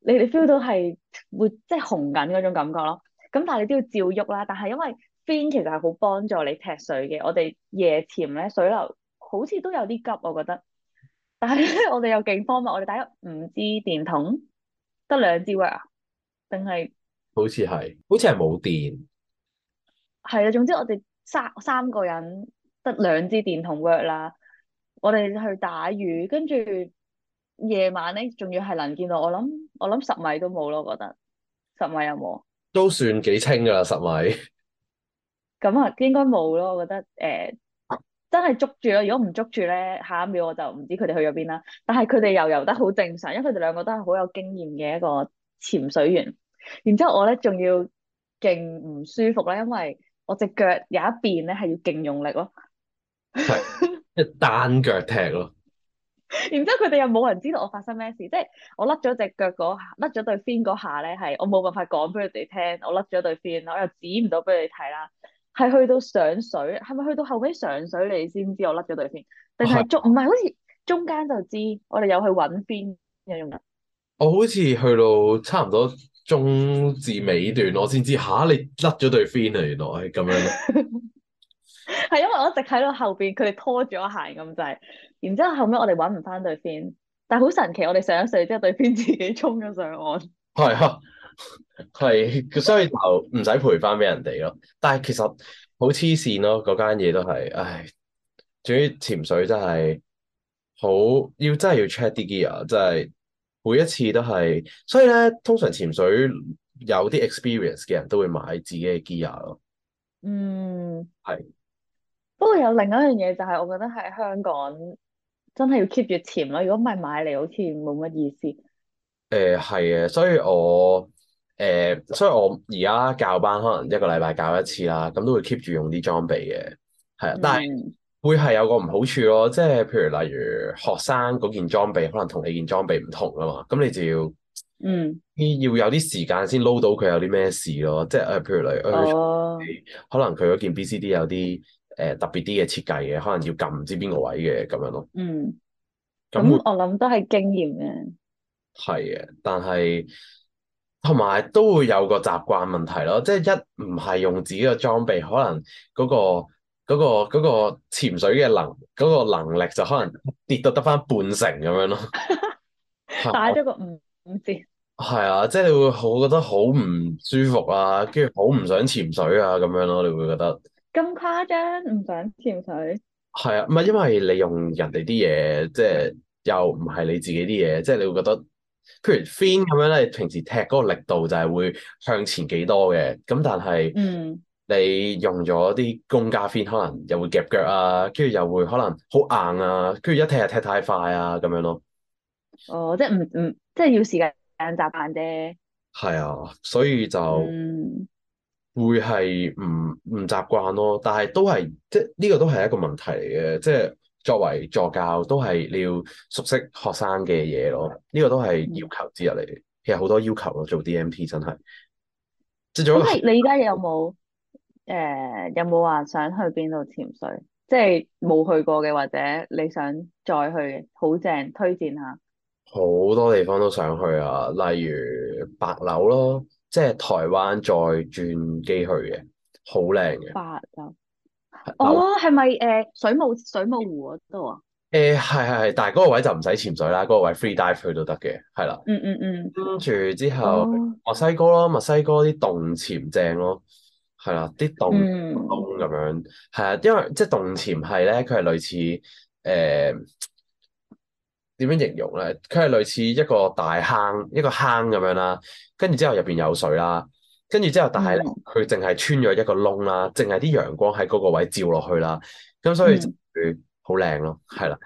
你你 feel 到係會即係紅緊嗰種感覺咯。咁但係你都要照喐啦，但係因為 fin 其實係好幫助你踢水嘅。我哋夜潛咧，水流好似都有啲急，我覺得。但係咧，我哋有警方嘛？我哋打咗五支電筒得兩支 work 啊，定係好似係好似係冇電。係啊，總之我哋三三個人得兩支電筒 work 啦。我哋去打魚，跟住夜晚咧，仲要係能見度。我諗我諗十米都冇咯，我覺得十米有冇？都算幾清㗎啦，十米。咁啊，應該冇咯，我覺得誒。呃真係捉住啦！如果唔捉住咧，下一秒我就唔知佢哋去咗邊啦。但係佢哋又游得好正常，因為佢哋兩個都係好有經驗嘅一個潛水員。然之後我咧仲要勁唔舒服咧，因為我隻腳有一邊咧係要勁用力咯。係 單腳踢咯。然之後佢哋又冇人知道我發生咩事，即係我甩咗隻腳嗰下，甩咗對 fins 嗰下咧，係我冇辦法講俾佢哋聽，我甩咗對 fins，我又指唔到俾佢哋睇啦。係去到上水，係咪去到後尾上水你先知我甩咗對 fin？定係仲唔係好似中間就知？我哋有去搵 fin 有用嘅？我好似去到差唔多中至尾段，我先知嚇你甩咗對 fin 啊！原來係咁樣。係 因為我一直喺度後邊，佢哋拖住我行咁滯，然之後後尾我哋搵唔翻對 fin，但係好神奇，我哋上咗水之後對 fin 自己衝咗上岸。係啊。係， 所以就唔使賠翻俾人哋咯。但係其實好黐線咯，嗰間嘢都係，唉，總之潛水真係好要真係要 check 啲 gear，真係每一次都係。所以咧，通常潛水有啲 experience 嘅人都會買自己嘅 gear 咯。嗯，係是。不過有另一樣嘢就係、是，我覺得喺香港真係要 keep 住潛咯。如果唔係買嚟，好似冇乜意思。誒、嗯，係啊，所以我。誒，uh, 所以我而家教班可能一個禮拜教一次啦，咁都會 keep 住用啲裝備嘅，係啊，但係會係有個唔好處咯，即係譬如例如學生嗰件裝備可能同你件裝備唔同啊嘛，咁你就要嗯，要要有啲時間先撈到佢有啲咩事咯，即係誒，譬如例如、哦、可能佢嗰件 B C D 有啲誒、呃、特別啲嘅設計嘅，可能要撳唔知邊個位嘅咁樣咯，嗯，咁會我諗都係經驗嘅，係嘅，但係。同埋都會有個習慣問題咯，即係一唔係用自己嘅裝備，可能嗰、嗰個嗰、嗰個、嗰個潛水嘅能、嗰個能力就可能跌到得翻半成咁樣咯，打咗 啊、個五五折。係啊，即係你會好覺得好唔舒服啊，跟住好唔想潛水啊，咁樣咯、啊，你會覺得咁誇張唔想潛水？係啊，唔係因為你用人哋啲嘢，即係又唔係你自己啲嘢，即係你會覺得。譬如 fin 咁樣咧，你平時踢嗰個力度就係會向前幾多嘅，咁但係，嗯，你用咗啲公家 fin，可能又會夾腳啊，跟住又會可能好硬啊，跟住一踢就踢太快啊，咁樣咯。哦，即係唔唔，即係要時間習慣啫。係啊，所以就會係唔唔習慣咯，但係都係即係呢、這個都係一個問題嚟嘅，即係。作為助教都係你要熟悉學生嘅嘢咯，呢、這個都係要求之一嚟。嘅、嗯。其實好多要求咯，做 D.M.P 真係。咁、就是、你你依家有冇？誒、呃，有冇話想去邊度潛水？即係冇去過嘅，或者你想再去，好正，推薦下。好多地方都想去啊，例如帛琉咯，即係台灣再轉機去嘅，好靚嘅。帛琉。哦，係咪誒水母水母湖嗰度啊？誒、uh,，係係係，但係嗰個位就唔使潛水啦，嗰、那個位 free dive 去都得嘅，係啦。嗯嗯嗯。跟住之後，墨、oh. 西哥咯，墨西哥啲洞潛正咯，係啦，啲洞窿咁、mm. 樣，係啊，因為即係洞潛係咧，佢係類似誒，點、呃、樣形容咧？佢係類似一個大坑，一個坑咁樣啦，跟住之後入邊有水啦。跟住之後，但係佢淨係穿咗一個窿啦，淨係啲陽光喺嗰個位照落去啦，咁所以就好靚咯，係啦。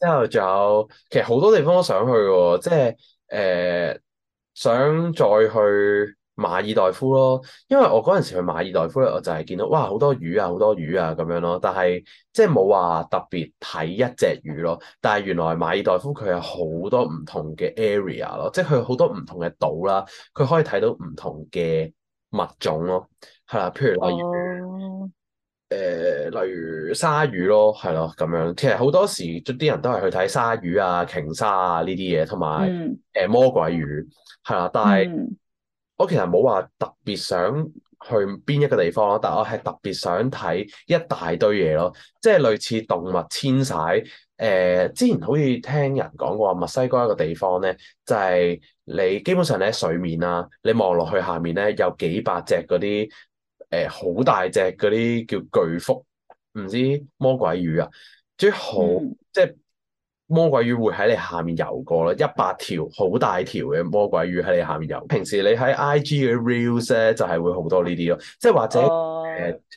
之後仲有，其實好多地方都想去嘅、哦，即係誒、呃、想再去馬爾代夫咯，因為我嗰陣時去馬爾代夫咧，我就係見到哇好多魚啊，好多魚啊咁樣咯。但係即係冇話特別睇一隻魚咯。但係原來馬爾代夫佢有好多唔同嘅 area 咯，即係佢好多唔同嘅島啦，佢可以睇到唔同嘅物種咯，係啦、啊，譬如例如誒、uh 呃、例如鯊魚咯，係咯咁樣。其實好多時啲人都係去睇鯊魚啊、鯨鯊啊呢啲嘢，同埋誒魔鬼魚係啦、啊，但係。Mm hmm. 我其實冇話特別想去邊一個地方咯，但我係特別想睇一大堆嘢咯，即係類似動物遷徙。誒、呃，之前好似聽人講過墨西哥一個地方咧，就係、是、你基本上你喺水面啦、啊，你望落去下面咧，有幾百隻嗰啲誒好大隻嗰啲叫巨蝠唔知魔鬼魚啊，最好即係。嗯魔鬼魚會喺你下面游過啦，一百條好大條嘅魔鬼魚喺你下面游。平時你喺 I G 嘅 Reels 呢，就係、是、會好多呢啲咯，即係或者誒誒、oh.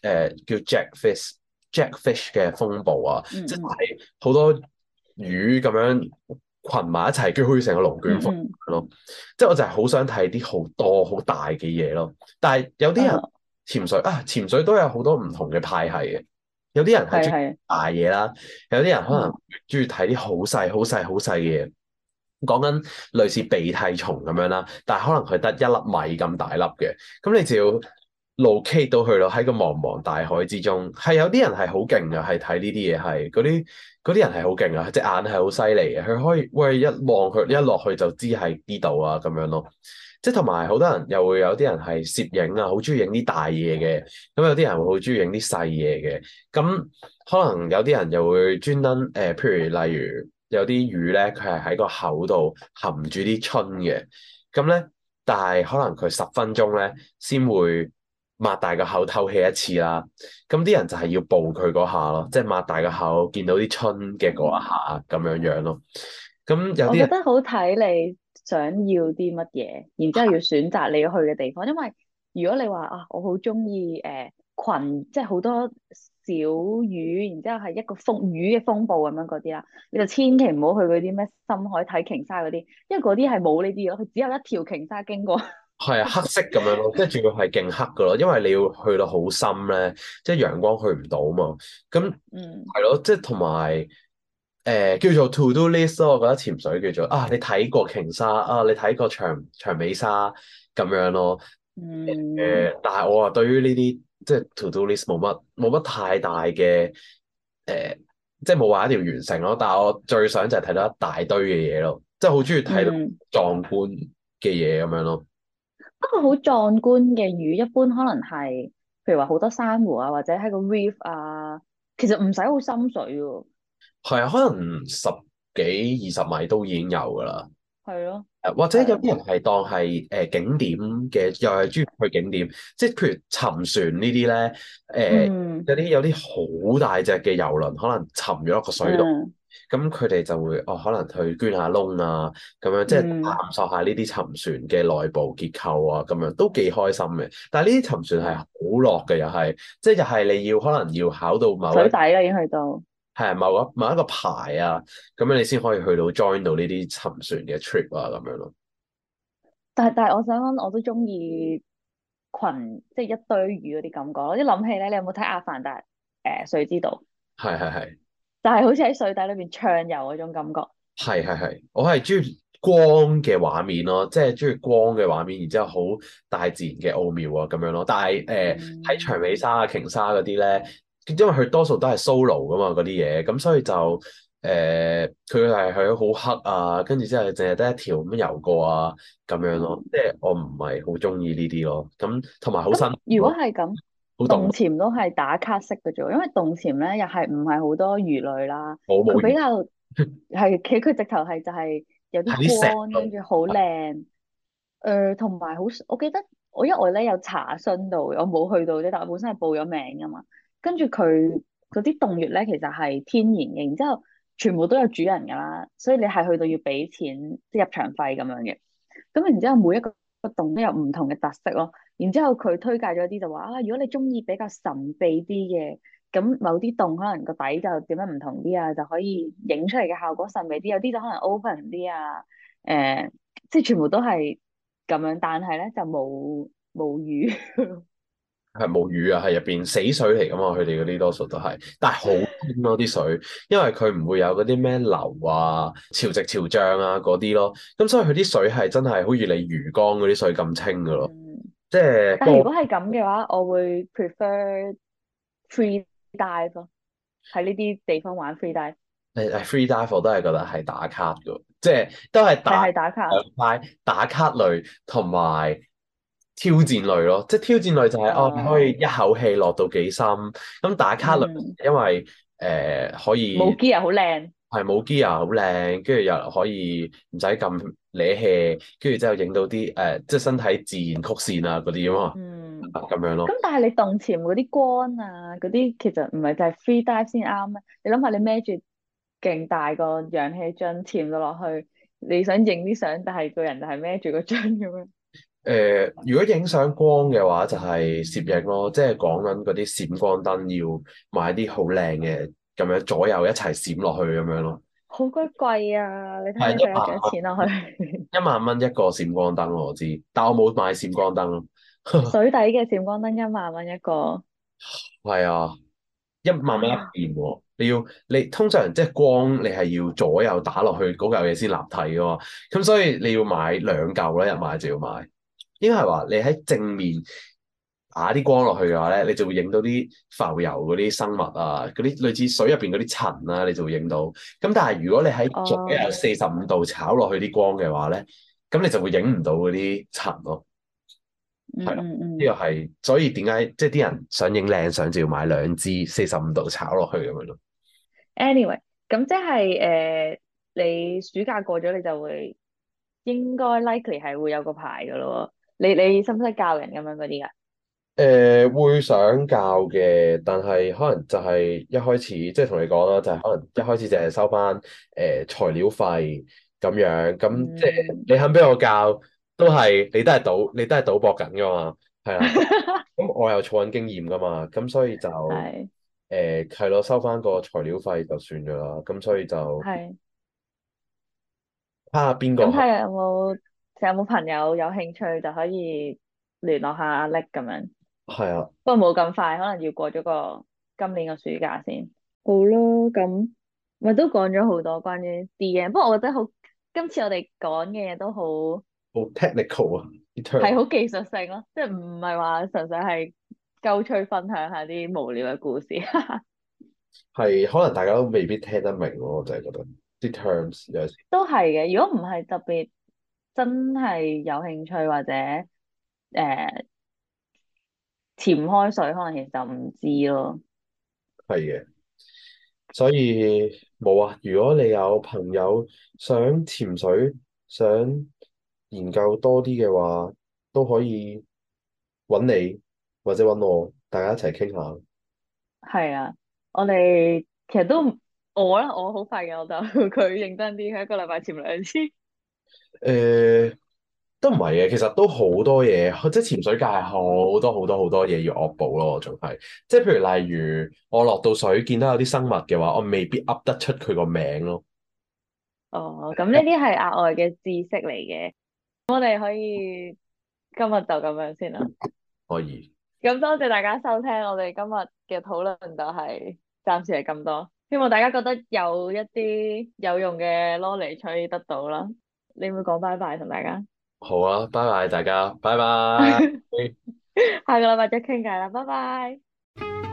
呃、叫 Jackfish、Jackfish 嘅風暴啊，mm hmm. 即係好多魚咁樣群埋一齊，佢好似成個龍捲風咯。Mm hmm. 即係我就係好想睇啲好多好大嘅嘢咯。但係有啲人潛水、uh huh. 啊，潛水都有好多唔同嘅派系嘅。有啲人係中意大嘢啦，是的 有啲人可能中意睇啲好細、好細、好細嘅嘢。講緊類似鼻涕蟲咁樣啦，但係可能佢得一粒米咁大粒嘅，咁你就要 locate 到去咯，喺個茫茫大海之中。係有啲人係好勁噶，係睇呢啲嘢，係嗰啲嗰啲人係好勁啊，隻眼係好犀利嘅，佢可以喂，一望佢一落去就知係呢度啊咁樣咯。即係同埋，好多人又會有啲人係攝影啊，好中意影啲大嘢嘅。咁有啲人會好中意影啲細嘢嘅。咁可能有啲人又會專登誒，譬如例如有啲魚咧，佢係喺個口度含住啲春嘅。咁咧，但係可能佢十分鐘咧先會擘大個口透氣一次啦。咁啲人就係要捕佢嗰下咯，即係擘大個口見到啲春嘅嗰下咁樣樣咯。咁有啲人我覺得好睇你，想要啲乜嘢，然之後要選擇你要去嘅地方，因為如果你話啊，我好中意誒羣，即係好多小魚，然之後係一個風雨嘅風暴咁樣嗰啲啦，你就千祈唔好去嗰啲咩深海睇鯨鯊嗰啲，因為嗰啲係冇呢啲咯，佢只有一條鯨鯊經過。係啊，黑色咁樣咯，跟住佢要係勁黑嘅咯，因為你要去到好深咧，即係陽光去唔到嘛。咁，嗯，係咯、啊，即係同埋。誒、呃、叫做 to do list 咯，我覺得潛水叫做啊，你睇過鯨鯊啊，你睇過長長尾鯊咁樣咯。嗯。誒、呃，但係我話對於呢啲即係 to do list 冇乜冇乜太大嘅誒、呃，即係冇話一條完成咯。但係我最想就係睇到一大堆嘅嘢咯，即係好中意睇壯觀嘅嘢咁樣咯。不過好壯觀嘅魚，一般可能係譬如話好多珊瑚啊，或者喺個 reef 啊，其實唔使好深水喎。係啊，可能十幾二十米都已經有噶啦。係咯的，或者有啲人係當係誒景點嘅，又係鍾意去景點，即係譬如沉船呢啲咧，誒、呃嗯、有啲有啲好大隻嘅遊輪，可能沉咗落個水度，咁佢哋就會哦，可能去捐下窿啊，咁樣即係探索下呢啲沉船嘅內部結構啊，咁樣都幾開心嘅。但係呢啲沉船係好落嘅，又係即係就係你要可能要考到某個水底啦，已經去到。係某一某一個牌啊，咁樣你先可以去到 join 到呢啲沉船嘅 trip 啊，咁樣咯。但係但係，我想講，我都中意群，即係一堆魚嗰啲感覺。我一諗起咧，你有冇睇阿凡達？誒、呃，水之道。係係係。但係好似喺水底裏邊暢游嗰種感覺。係係係，我係中意光嘅畫面咯，即係中意光嘅畫面，然之後好大自然嘅奧妙啊，咁樣咯。但係誒，喺、呃嗯、長尾鯊啊、鯨鯊嗰啲咧。因為佢多數都係 solo 噶嘛，嗰啲嘢，咁所以就誒佢係喺好黑啊，跟住之後淨係得一條咁遊過啊，咁樣啊咯，即係我唔係好中意呢啲咯。咁同埋好新。如果係咁，洞潛都係打卡式嘅啫，因為洞潛咧又係唔係好多魚類啦，佢比較係佢佢直頭係就係有啲光跟住好靚。誒，同埋好，我記得我因為咧有查詢到，我冇去到啫，但係本身係報咗名噶嘛。跟住佢嗰啲洞穴咧，其實係天然嘅，然之後全部都有主人噶啦，所以你係去到要俾錢，即係入場費咁樣嘅。咁然之後每一個個洞都有唔同嘅特色咯。然之後佢推介咗啲就話啊，如果你中意比較神秘啲嘅，咁某啲洞可能個底就點樣唔同啲啊，就可以影出嚟嘅效果神秘啲。有啲就可能 open 啲啊，誒、呃，即係全部都係咁樣，但係咧就冇冇魚。 係冇魚啊，係入邊死水嚟㗎嘛，佢哋嗰啲多數都係，但係好清咯、啊、啲水，因為佢唔會有嗰啲咩流啊、潮汐潮漲啊嗰啲咯，咁所以佢啲水係真係好似你魚缸嗰啲水咁清㗎咯，即係。但如果係咁嘅話，我會 prefer free dive 咯，喺呢啲地方玩 free dive。誒誒，free dive 我都係覺得係打卡㗎，即係都係打，係打卡，兩塊打卡類同埋。挑戰類咯，即係挑戰類就係、是、哦，哦，可以一口氣落到幾深，咁打卡率因為誒、嗯呃、可以。冇機啊，好靚。係冇機啊，好靚，跟住又可以唔使咁攣氣，跟住之後影到啲誒、呃，即係身體自然曲線啊嗰啲啊嘛，咁樣、嗯、樣咯。咁但係你洞潛嗰啲光啊，嗰啲其實唔係就係 free dive 先啱啊。你諗下，你孭住勁大個氧氣樽潛到落去，你想影啲相，但係個人就係孭住個樽咁樣。 誒、呃，如果影相光嘅話，就係、是、攝影咯，即係講緊嗰啲閃光燈要買啲好靚嘅，咁樣左右一齊閃落去咁樣咯。好鬼貴啊！你睇下佢有幾多錢落去？一萬蚊一個閃光燈我知，但我冇買閃光燈。水底嘅閃光燈一萬蚊一個。係 啊，一萬蚊一件喎。你要你通常即係光，你係要左右打落去嗰嚿嘢先立體噶嘛，咁所以你要買兩嚿咯，一買就要買。應該係話你喺正面打啲光落去嘅話咧，你就會影到啲浮游嗰啲生物啊，嗰啲類似水入邊嗰啲塵啊，你就會影到。咁但係如果你喺左右四十五度炒落去啲光嘅話咧，咁、oh, okay. 你就會影唔到嗰啲塵咯。係咯、mm，呢個係所以點解即係啲人想影靚相就要買兩支四十五度炒落去咁樣咯。Anyway，咁即係誒，你暑假過咗你就會應該 likely 係會有個牌嘅咯。你你使唔使教人咁樣嗰啲噶？誒、呃，會想教嘅，但係可能就係一開始，即係同你講啦，就係、是、可能一開始淨係收翻誒、呃、材料費咁樣，咁、嗯嗯、即係你肯俾我教，都係你都係賭，你都係賭博緊噶、啊、 嘛，係啊，咁我又儲緊經驗噶嘛，咁所以就誒係咯，收翻個材料費就算㗎喇，咁所以就睇下邊個咁睇有有冇朋友有興趣就可以聯絡下叻咁樣。係啊的。不過冇咁快，可能要過咗個今年嘅暑假先。好咯，咁咪都講咗好多關於 D 嘢。不過我覺得好今次我哋講嘅嘢都好。好 technical 啊，啲 terms。係好技術性咯，即係唔係話純粹係鳩吹分享下啲無聊嘅故事。係， 可能大家都未必聽得明咯，我就係覺得啲 terms 有時。都係嘅，如果唔係特別。真係有興趣或者誒、呃、潛開水，可能其實就唔知咯。係嘅，所以冇啊。如果你有朋友想潛水、想研究多啲嘅話，都可以揾你或者揾我，大家一齊傾下。係啊，我哋其實都我咧，我好快嘅，我就佢認真啲，佢一個禮拜潛兩次。誒、呃，都唔係嘅，其實都好多嘢，即係潛水界好多好多好多嘢要惡補咯，我仲係即係譬如例如我落到水見到有啲生物嘅話，我未必噏得出佢個名咯。哦，咁呢啲係額外嘅知識嚟嘅，呃、我哋可以今日就咁樣先啦。可以。咁多謝大家收聽，我哋今日嘅討論就係暫時係咁多，希望大家覺得有一啲有用嘅攞嚟取得到啦。你會講拜拜同大家，好啊，拜拜大家，拜拜， 下個禮拜再傾偈啦，拜拜。